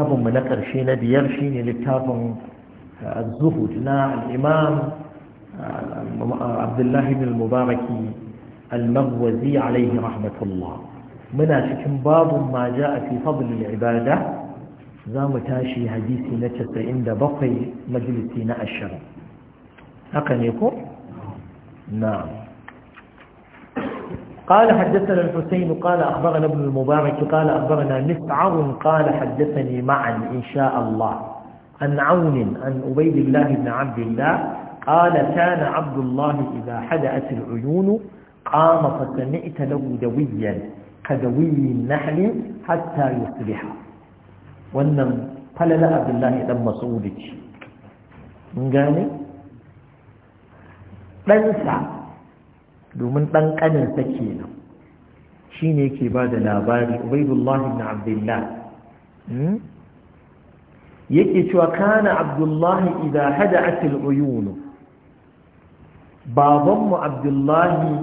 littafinmu na ƙarshe na biyar shine littafin uh, zuhud na al'imam uh, abdullahi bin mubaraki al-maghwazi alaihi rahmatullah muna cikin babu ma a fi ibada za mu tashi hadisi na 97 majalisi na ashirin haka ne ko na'am قال حدثنا الحسين قال أخبرنا ابن المبارك قال أخبرنا مسعر قال حدثني معا إن شاء الله عن عون عن أبيد الله بن عبد الله قال كان عبد الله إذا حدأت العيون قام فسمعت له دويا كدوي النحل حتى يصبح wannan falala abdullahi dan masudi ce mun gane ɗansa domin ɗan ƙaninsa kenan shi ne yake ba da labari ubaidullahi na Abdullahi. Hmm? yake cewa kana abdullahi idan hada atil uyunu babanmu abdullahi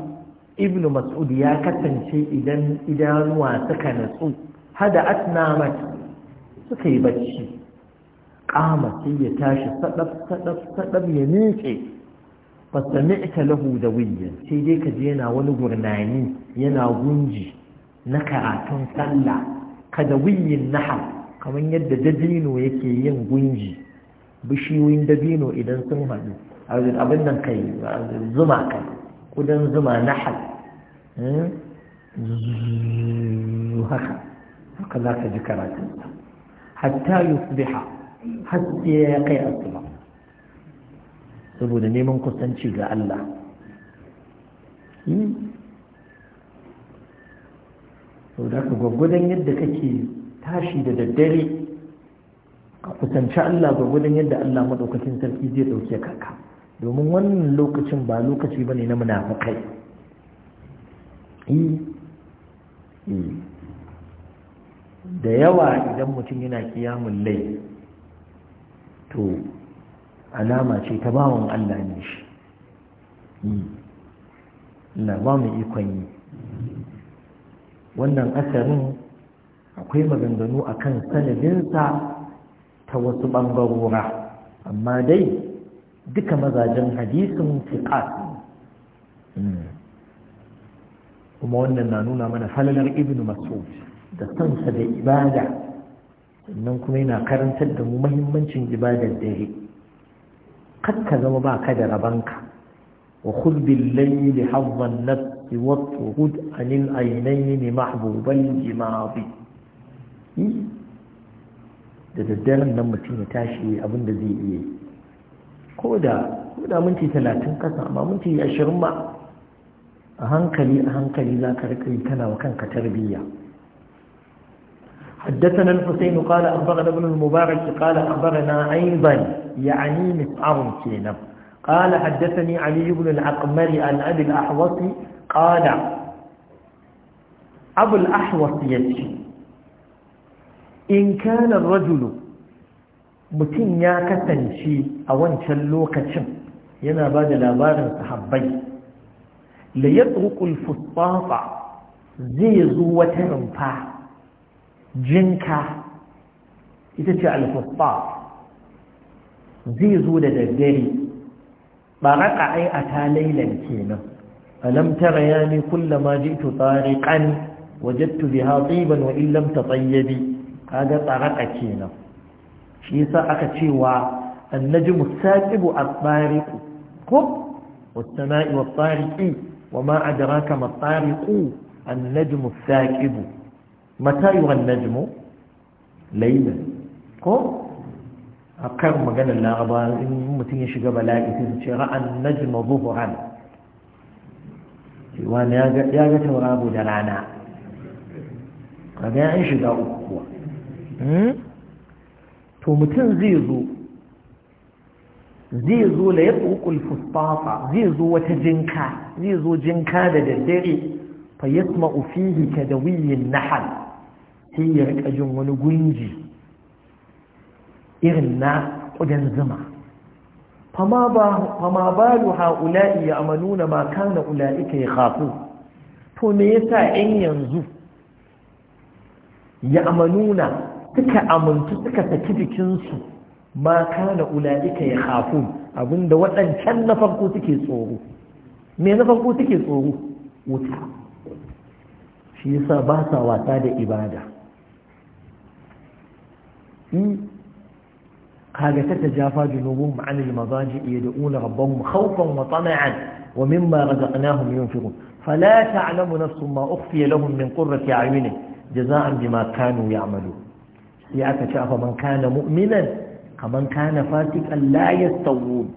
ibn mas'ud ya kasance idan idanuwa suka natsu hada atnamat suka yi bacci kama sai ya tashi sadaf sadaf sadaf ya miƙe fasami'ta lahu da wiyya sai dai ka je yana wani gurnani yana gunji na karatun sallah ka da naha kamar yadda dabino yake yin gunji bishiyoyin dabino idan sun haɗu abin nan kai zuma kai kudan zuma nahar haka haka za ka ji karatun hatta yusbiha har ya kai asuba saboda neman kusanci ga Allah hmm. sau da ka gwaggwadon yadda kake tashi da daddare ka kusanci Allah gwaggwadon yadda Allah maɗaukacin sarki zai ɗauke kaka domin wannan lokacin ba lokaci ba ne na munafukai hmm. Hmm. da yawa idan mutum yana kiyamun lai to alama ce ta bawan Allah ne shi na ba mu ikon yi wannan asarin akwai maganganu a kan sanadinsa ta wasu ɓangarora amma dai duka mazajen hadisin fiƙa kuma wannan na nuna mana falalar ibn masud da sansa da ibada sannan kuma yana karantar da mu mahimmancin ibadar dare kakka zama ba ka da rabanka wa khudh bil layli na nafs wa tuhud anil aynayn mahbuban jimadi da daddaren nan mutum ya tashi abin da zai iya ko da ko da minti talatin kasa amma minti ashirin ma a hankali a hankali za ka rika yi kana wa kanka tarbiyya حدثنا الحسين قال أخبرنا ابن المبارك قال أخبرنا أيضا يعني مسعر كينا قال حدثني علي بن الأقمر عن أبي الأحوص قال أبو الأحوص يتشي إن كان الرجل mutum ya kasance a wancan lokacin yana ba da labarin sahabbai da ya zai zo wata rumfa jinka ita ce zai zo da daddare baraka ai a ta lailan kenan alam tara ya ni kullama tsari kan wajadtu biha tiban wa illam tatayyibi kaga tsaraka kenan shi yasa aka cewa annajmu saqibu at-tariq ku? was-sama'i wat-tariqi wama adraka ma at-tariqu annajmu saqibu mata yuwa an-najmu layla ko a kan maganin laraba in mutum ya shiga bala'i sai su ce ra'an najma zuhuran cewa ya ga tauraro da rana kaga ya shiga uku kuwa hmm? to mutum zai zo zai zo la ya tsokul fusfafa zai zo wata jinka zai zo jinka da daddare fa yasma'u fihi kadawiyin nahal sai ya rika jin wani gunji irin na ƙudan zuma fama balu ha'ula'i ya amaluna ma kana ula'ika ya hafu to me yasa ‘yan yanzu ya na suka amintu suka saki jikinsu ma kana ula'ika ya hafu abinda waɗancan na farko suke tsoro me na farko suke tsoro wuta shi yasa ba sa wasa da ibada hmm? هاجة تتجافى جنوبهم عن المضاجع يدعون ربهم خوفا وطمعا ومما رزقناهم ينفقون فلا تعلم نفس ما أخفي لهم من قرة عينه جزاء بما كانوا يعملون يا يأتشاف من كان مؤمنا كمن كان فاتكا لا يستوون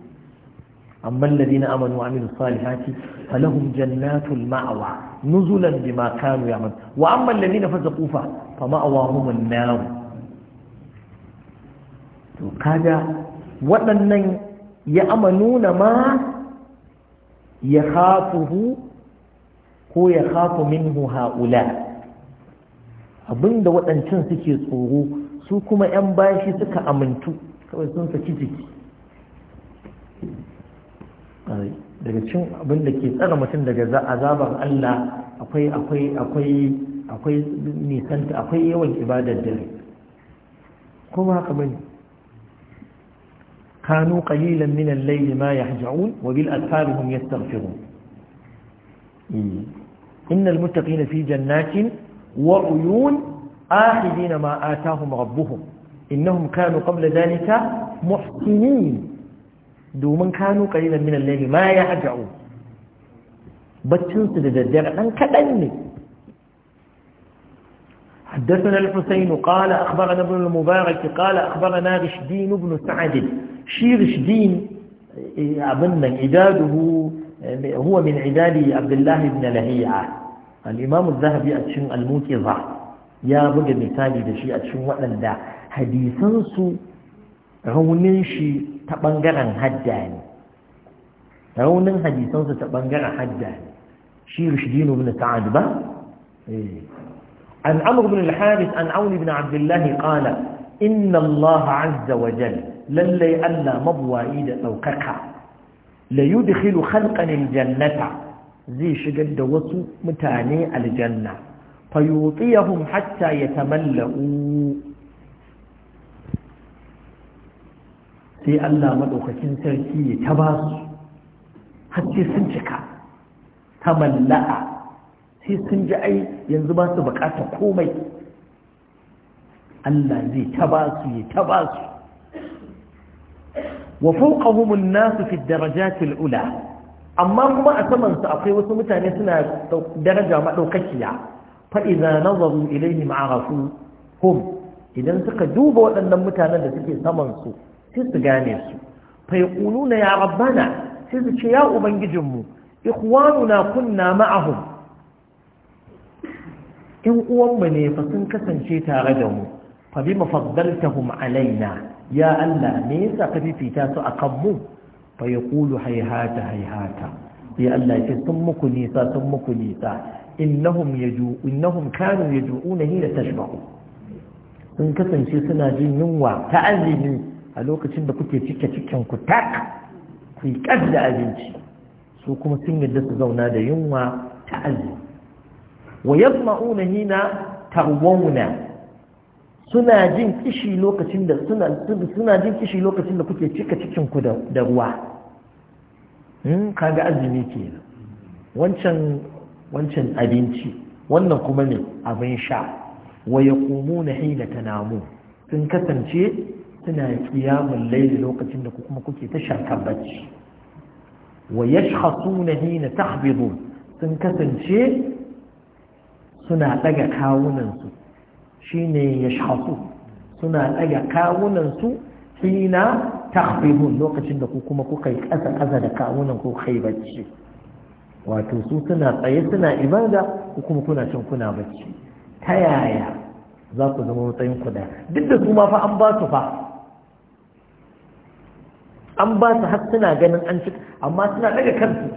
أما الذين أمنوا وعملوا الصالحات فلهم جنات المعوى نزلا بما كانوا يعملون وأما الذين فزقوا فمأواهم النار to kaga waɗannan ya ama ma ya hafuhu ko ya khafu minhu ha'ula abinda waɗancan suke tsoro su kuma 'yan bashi suka amintu kawai sun saki jiki daga cin abin ke tsara mutum daga azabar Allah akwai akwai akwai akwai nisanta akwai yawan ibadar dare kuma haka bane kanu qalilan min al-layli ma yahja'un wa bil asharihum yastaghfirun innal muttaqina fi jannatin wa uyun akhidina ma atahum rabbuhum innahum kanu qabla dhalika muhsinin domin kanu qalilan min al-layli ma yahja'un baccin su da daddare ɗan kadan ne حدثنا الحسين قال أخبرنا ابن المبارك قال أخبرنا رشدين بن سعد شي رشدين إيه، أظن عداده إيه، هو من عداد عبد الله بن لهيعة الإمام الذهبي أتشن الموكظة يا بقى مثالي دشي أتشن وأن دا حديثنسو raunin shi ta ɓangaren hadda ne raunin hadisansa ta ɓangaren hadda ne shi rushdinu عن عمرو بن الحارث عن عون بن عبد الله قال إن الله عز وجل للي ألا مضوائيد توككا ليدخل خلقا الجنة زي شجد وصو متاني الجنة فيوطيهم حتى يتملؤوا sai Allah maɗaukakin sarki ya ta ba su hacce sun cika ta malla'a sai sun ji ai yanzu ba su bukatar komai Allah zai ta ba su ya ta ba su wa fawqahum an fi ad ula amma kuma a saman su akwai wasu mutane suna daraja madaukakiya fa idza nazaru ilayhim arafu hum idan suka duba waɗannan mutanen da suke saman su sai su gane su fa yaquluna ya rabbana sai su ce ya ubangijinmu ikhwanuna kunna ma'ahum in uwanmu ne fa sun kasance tare da mu fa bima faddaltahum alaina ya Allah me yasa ka fifita su akan mu fa yaqulu hayhata hayhata ya Allah ke sun muku nisa sun muku nisa innahum yaju innahum kanu yajuuna hina tashba'u sun kasance suna jin yunwa ta azumi a lokacin da kuke cike cikin ku tak ku da abinci su kuma sun yadda su zauna da yunwa ta wa yasma'una hina tarwawna suna jin kishi lokacin da suna suna jin kishi lokacin da kuke cika cikin ku da ruwa hmm kaga azumi kenan wancan wancan abinci wannan kuma ne abin sha wa yaqumuna hina tanamu sun kasance suna kiyamun laili lokacin da kuma kuke ta shankar bacci wa yashkhasuna hina tahbidu sun kasance suna daga kawunansu shine yashhasu suna daga kawunansu hina takhbihun lokacin da ku kuma kuka yi ƙasa ƙasa da kawunan ku kai bacci wato su suna tsaye suna ibada ku kuma kuna cin kuna bacci ta yaya za ku zama matsayin ku da duk da su ma fa an ba su fa an ba su har suna ganin an ci amma suna daga kansu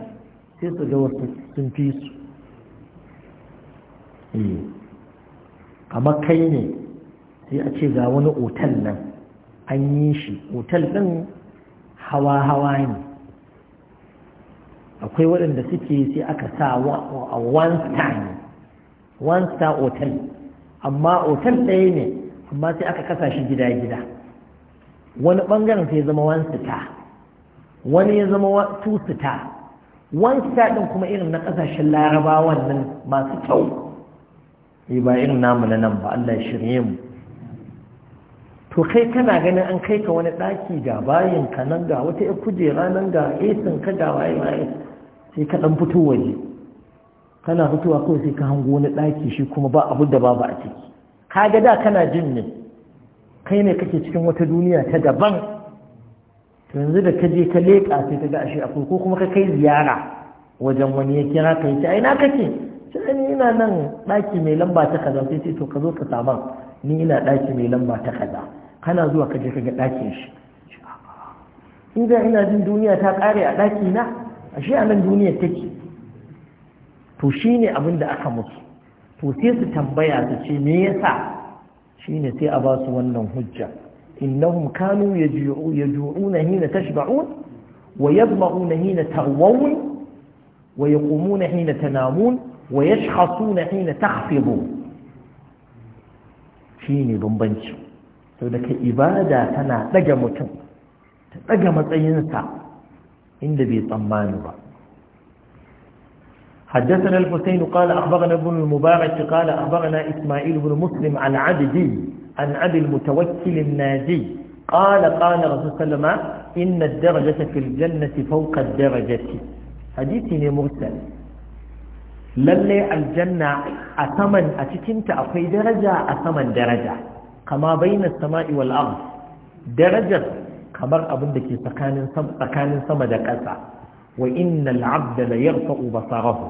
sai su ga wasu sun fi su Hmm. kamar kai ne sai a ce ga wani otal nan an yi shi otal ɗin hawa-hawa ne akwai waɗanda suke sai aka sa a one star ne one star otal amma otal ɗaya ne amma sai aka kasa shi gida-gida wani ɓangaren sai zama one star wani ya zama two star one star ɗin kuma irin na ƙasashen larabawan nan masu kyau yi ba irin namu na nan ba Allah shirye mu to kai kana ganin an kai ka wani ɗaki ga bayin ka nan ga wata ya kujera nan ga esin ka ga waye waye sai ka ɗan fito waje kana fitowa kawai sai ka hango wani ɗaki shi kuma ba abu da babu a ciki ka ga da kana jin ne kai ne kake cikin wata duniya ta daban to yanzu da ka je ka leƙa sai ka ga ashe akwai ko kuma ka kai ziyara wajen wani ya kira ka yi ta aina kake sai ina nan ɗaki mai lamba ta kaza sai ce to ka zo ka saman ni ina ɗaki mai lamba ta kaza kana zuwa ka je ka ga ɗakin shi in da ina jin duniya ta ƙare a ɗaki na ashe a nan duniya take to shine abin da aka musu to sai su tambaya su ce me yasa shine sai a ba su wannan hujja innahum kanu yaj'una hina tashba'un wa yadma'una hina tawawun wa yaqumuna hina tanamun ويشخصون حين تخفض shine bambanci sau إبادة ka ibada tana أي mutum إن ɗaga matsayinsa حدثنا الحسين قال أخبرنا ابن المبارك قال أخبرنا إسماعيل بن مسلم عن عبد عن أبي المتوكل الناجي قال قال رسول الله إن الدرجة في الجنة فوق الدرجة حديث مرسل lalle aljanna a saman a cikinta akwai daraja a saman daraja kama baina sama'i wal ard darajar kamar abin da ke tsakanin tsakanin sama da ƙasa wa innal abda la yarfa'u basarahu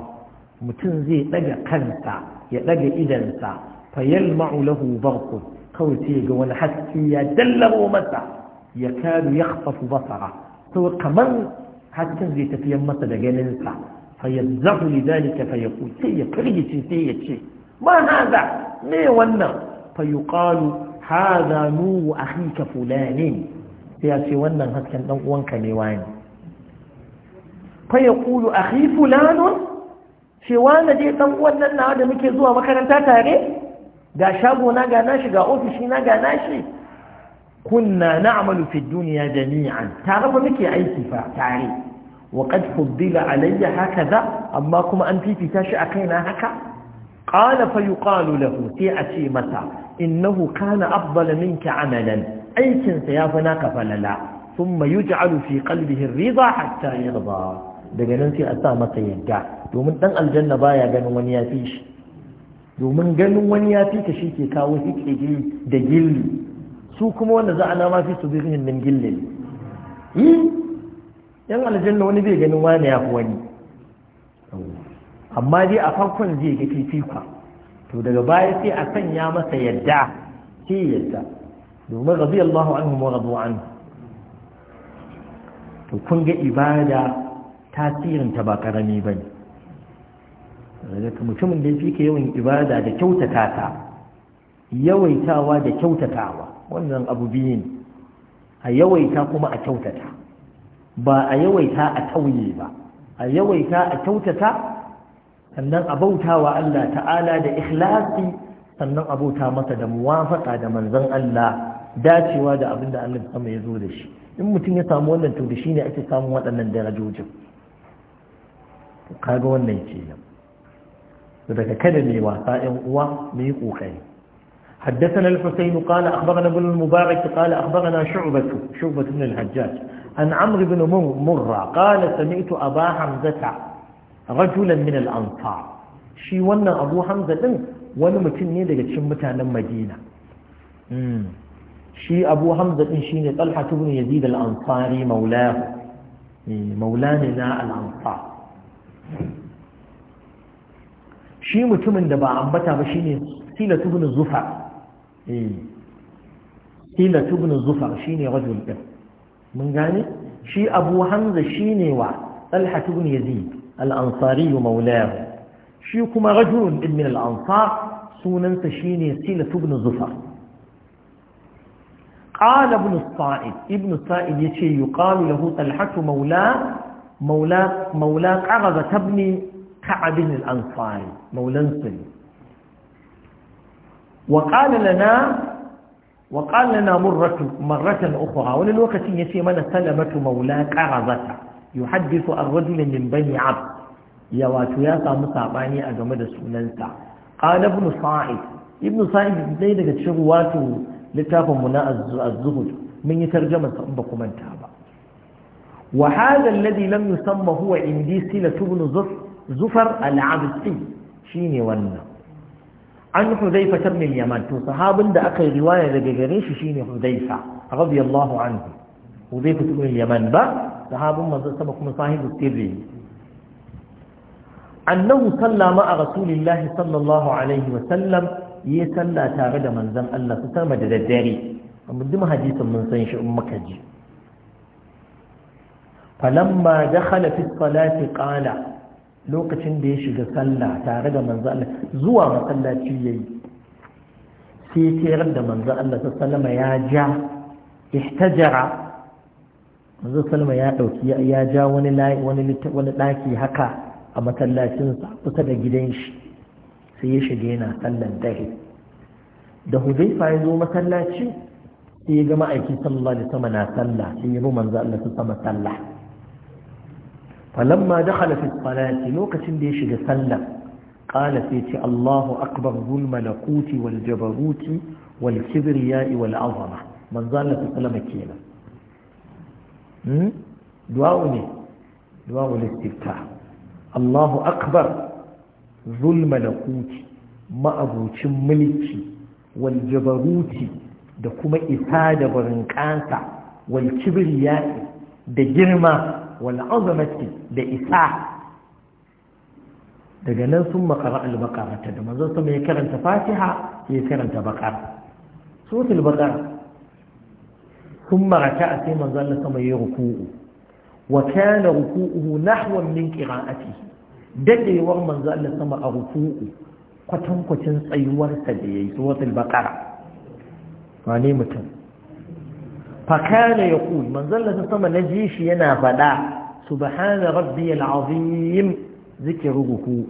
mutum zai daga kansa ya daga sa. fa yalma'u lahu barqu kawai sai ga wani haske ya dallaro masa ya kadu yakhfafu basara to kamar hasken zai tafiyar masa da ganinsa fayazzahu lidhalika fayaqul sai ya firgice sai ya ce ma hada me wannan fayuqalu hadha nu akhika fulanin sai ya ce wannan hasken dan uwanka ne wani fayaqulu akhi fulanun shi wanda dai dan uwan nan nawa da muke zuwa makaranta tare ga shago na ga nashi ga ofishi na ga nashi kunna na'malu fi dunya jami'an tare ba muke aiki fa tare وقد فضل علي هكذا اما كما ان فيفتا a اكينا هكا قال فيقال له تي اتي متى انه كان افضل منك عملا اي كان سيفنا كفللا ثم يجعل في قلبه الرضا حتى يرضى daga nan sai a sa masa yadda domin dan aljanna baya ganin wani ya shi domin ganin wani yafita shi ke kawo hikiri da gilli su kuma wanda za'ana ma fi su birnin nan gillin yi hmm? yan aljanna wani bai ganin wani ya fi wani amma dai a farkon zai ga fifikwa to daga baya sai a sanya masa yadda sai yadda domin rabi Allah an wa rabu an. to kun ga ibada tasirin ta ba karami ba ne mutumin da ya fi yawan ibada da kyautata ta yawaitawa da kyautatawa wannan abu biyu ne a yawaita kuma a kyautata ba a yawaita a tauye ba a yawaita a kyautata sannan a bautawa Allah ta'ala da ikhlasi sannan a bauta masa da muwafaka da manzon Allah dacewa da abin da Allah sama ya zo da shi in mutum ya samu wannan to da shi ne ake samun waɗannan darajojin kaga wannan kenan daga kada mai wasa ƴan uwa mai kokari حدثنا الحسين قال أخبرنا ابن المبارك قال أخبرنا شعبة شعبة بن الحجاج عن عمرو بن مرة قال سمعت أبا حمزة رجلا من الأنصار شي وانا أبو حمزة دن wani mutum ne daga cikin mutanen madina shi abu hamza din shine talha ibn yazid al-ansari maulahu maulana na al shi mutumin da ba ambata ba shine zufar shine rajul ɗin. mun gane shi abu hamza shine wa talha ibn yazid al-ansari maulahu shi kuma rajulun min al-ansar sunansa shine sila ibn zufar قال ابن الصائد ابن الصائد يتي يقال له طلحة مولاه مولاه مولاه قرضة ابن كعب الأنصاري مولى انصري وقال لنا وقال لنا مرة, مرة أخرى وللوقت يسيمنا سلمة مولا قرضة يحدث الرجل من بني عبد يواتو ياسا مصاباني أجمد سننسا قال ابن صائد ابن صائد زيدك تشغواتو لتافهم منا الزهد من يترجم سأبكم من تابع وهذا الذي لم يسمى هو عندي سلة ابن زفر العبسي شيني والنقر an huzaifa ta min yaman to sahabin da aka yi riwaya daga gare shi shine huzaifa radiyallahu anhu huzaifa ta min yaman ba sahabin manzo sama kuma sahibu sirri annahu sallama a rasulillahi sallallahu alaihi wa sallam yi salla tare da manzon Allah su sama da daddare amma duk hadisin mun san shi in muka ji falamma dakhala fi salati qala lokacin da ya shiga sallah tare da manzo Allah zuwa masallaci yayi sai tayar da manzo Allah sallama ya ja ihtajara manzo sallama ya dauki ya ja wani wani wani daki haka a masallacinsa kusa da gidan shi sai ya shiga yana sallan dare da hudayfa ya zo masallaci sai ya ga ma'aiki sallallahu alaihi wasallam na sallah sai ya bi manzo Allah sallama sallah falamma dakhala fi lokacin da ya shiga sallah qala fi ti allahu akbar zul malakuti wal jabaruti wal kibriyai wal azama manzo Allah ta kenan hmm du'a ne du'a ul istiftah allahu akbar zul malakuti ma'abucin mulki waljabaruti, da kuma isa da barin kansa wal kibriyai da girma wala azamati da isa daga nan sun makara albakara ta da manzon sama karanta fatiha ya karanta bakar sutul bakar sun marata a sai manzon Allah sama ya ruku'u wa kana ruku'uhu nahwan min qira'ati daɗewar manzon Allah sama a ruku'u kwatankwacin tsayuwarsa da yayi sutul bakara wane mutum fakana ya ƙuli manzon sama na ji shi yana faɗa subhana rabbiyal azim zikiru ruku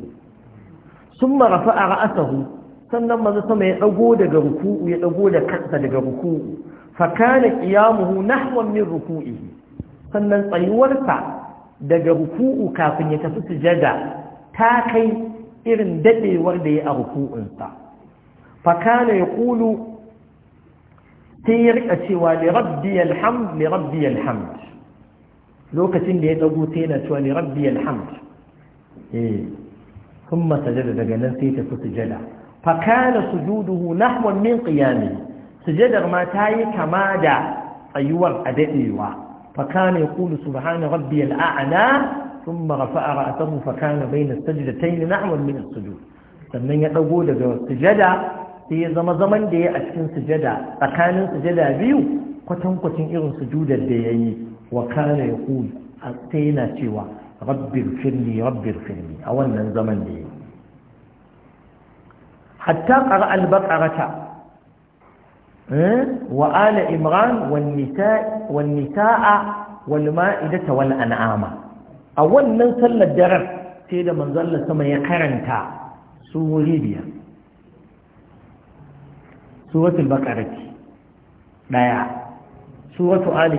summa rafa'a ra'asahu sannan manzon sama ya dago daga ruku'u ya dago da kansa daga ruku'u fakana qiyamuhu nahwan min ruku'ihi sannan tsayuwarsa daga ruku'u kafin ya tafi sujada ta kai irin dadewar da ya a ruku'unsa fakana ya ƙulu sai ya rika cewa li rabbi alhamd li rabbi alhamd lokacin da ya dago sai yana cewa li rabbi alhamd kuma eh, sajada daga nan sai tafi sujada fakana kana sujuduhu nahwan min qiyami sujadar ma ta yi kama da tsayuwar a dadewa fa kana yaqulu subhana rabbiyal a'la thumma rafa'a ra'sahu fa kana bayna sajdatayn nahwan min as sannan ya dago daga sujada sai ya zama zaman da ya a cikin sujada tsakanin sujada biyu kwatankwacin irin sujudar da ya yi wa kana ya kuli sai yana cewa rabbir firli rabbir firli a wannan zaman da ya yi hatta ƙara albaƙarata eh, wa ala imran wa nisa'a wal ma'idata wal an'ama a wannan sallar daren sai da manzon sama ya karanta su biyar suratul baqara daya suratul ali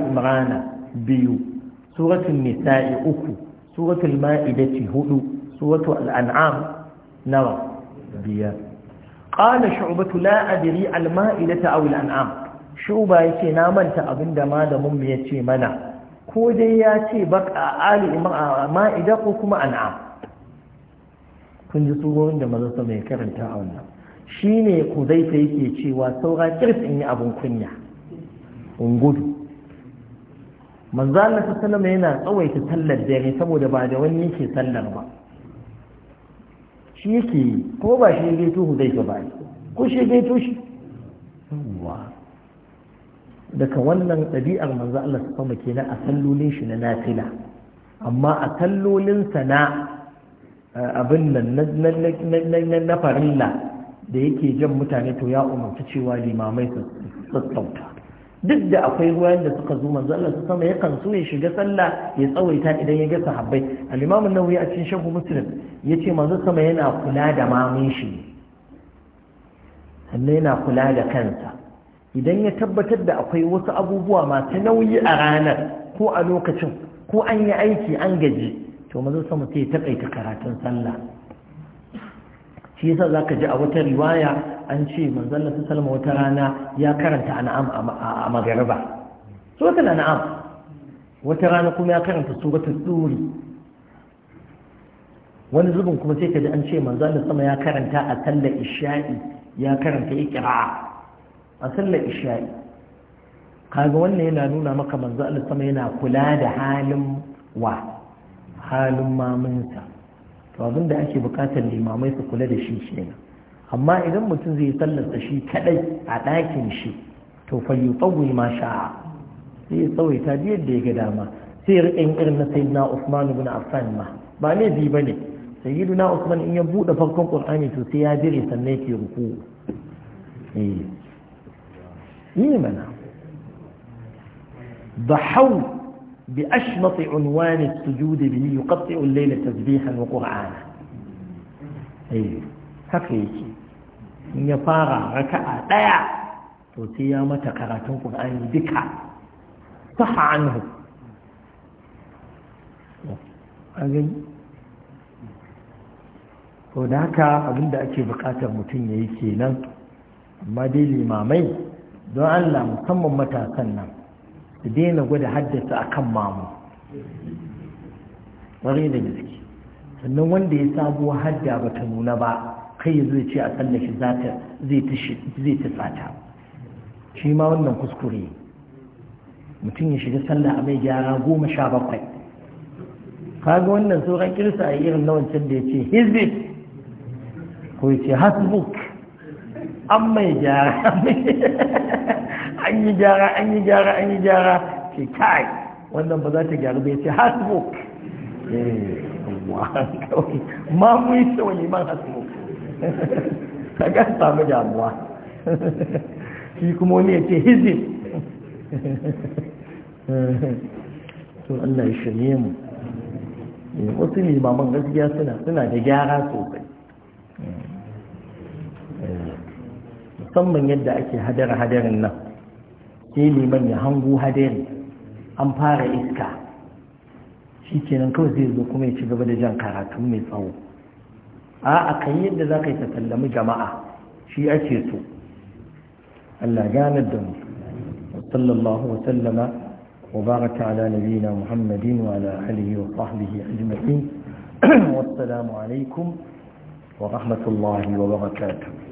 biyu suratul nisa'i uku suratul ma'idati hudu suratul al'an'am nawa biyar qala shu'batu la adri al-ma'idata aw al-an'am shuba yake na manta abinda malamin mu ce mana ko dai ya ce baka ali ma'ida ko kuma an'am kun ji surorin da maza mai karanta a wannan shi ne kuzaifa yake cewa saura kirs in yi abin kunya in gudu manzo Allah sallama yana tsawaita sallar dare saboda ba da wani yake sallar ba shi yake ko ba shi zai huzaifa ba ko shi gaito shi daga wannan ɗabi'ar manzo Allah sallama kenan a sallolin shi na nafila amma a sallolinsa na eh, abin nan na farilla da yake jan mutane to ya umarci cewa limamai su sassauta duk da akwai ruwan da suka zo manzo Allah sama yakan so ya shiga sallah ya tsawaita idan ya ga sahabbai al imamu nawawi a cikin shahu Muslim yace manzo sama yana kula da mamun shi sannan yana kula da kansa idan ya tabbatar da akwai wasu abubuwa masu nauyi a ranar ko a lokacin ko an yi aiki an gaji to manzo sama sai ya takaita karatun sallah shi yasa zaka ji a wata riwaya an ce manzon Allah sallallahu wata rana ya karanta an'am a magariba suratul an'am wata rana kuma ya karanta suratul tsuri wani zubin kuma sai ka ji an ce manzon Allah sama ya karanta a sallar isha'i ya karanta iqra a sallar isha'i kaga wannan yana nuna maka manzon Allah sama yana kula da halin wa halin maminsa to abin da ake bukatar limamai su kula da shi kenan amma idan mutum zai sallarsa shi kadai a ɗakin shi to fa yutawwi ma sha'a sai ya tsawaita da yadda ya ga dama sai rika yin irin na sayyidina Usman ibn Affan ma ba ne bi bane sayyidina Usman in ya buɗe farkon Qur'ani to sai ya jire sannan yake ruku eh yi mana بأشمط عنوان السجود به يقطع الليل tasbihar وقرآنا أي haka yake in ya fara raka'a ɗaya to ya mata karatun ƙur'ani duka saha anhu to da haka abinda ake buƙatar mutum ya yi kenan amma dai limamai don allah musamman matasan nan su daina gwada haddasa a kan mamu ƙwarai da gaske sannan wanda ya sabuwa hadda ba ta nuna ba kai ya zai ce a tsallashi zai ta sata shi ma wannan kuskure mutum ya shiga sallah a mai gyara goma sha bakwai kaga wannan sauran kirsa a irin nawa da ya ce hizbi ko ya ce hasbuk an mai gyara an yi gyara an yi gyara an yi gyara ke kai wannan ba za ta gyara bai ce hasbuk eh, ma mu yi wani neman hasbuk ka ga samu damuwa shi kuma wani ya ce hizib to Allah ya shirye mu eh, wasu limaman gaskiya suna suna da gyara sosai eh, musamman yadda ake hadara hadarin nan sai liman ya hangu hadari an fara iska shi kenan kawai zai zo kuma ya ci gaba da jan karatu mai tsawo a a kan yadda za ka yi ta sallami jama'a shi ake so Allah ganar da mu sallallahu wa sallama wa baraka ala nabiyina muhammadin wa ala alihi wa sahbihi ajma'in wassalamu alaikum wa rahmatullahi wa barakatuh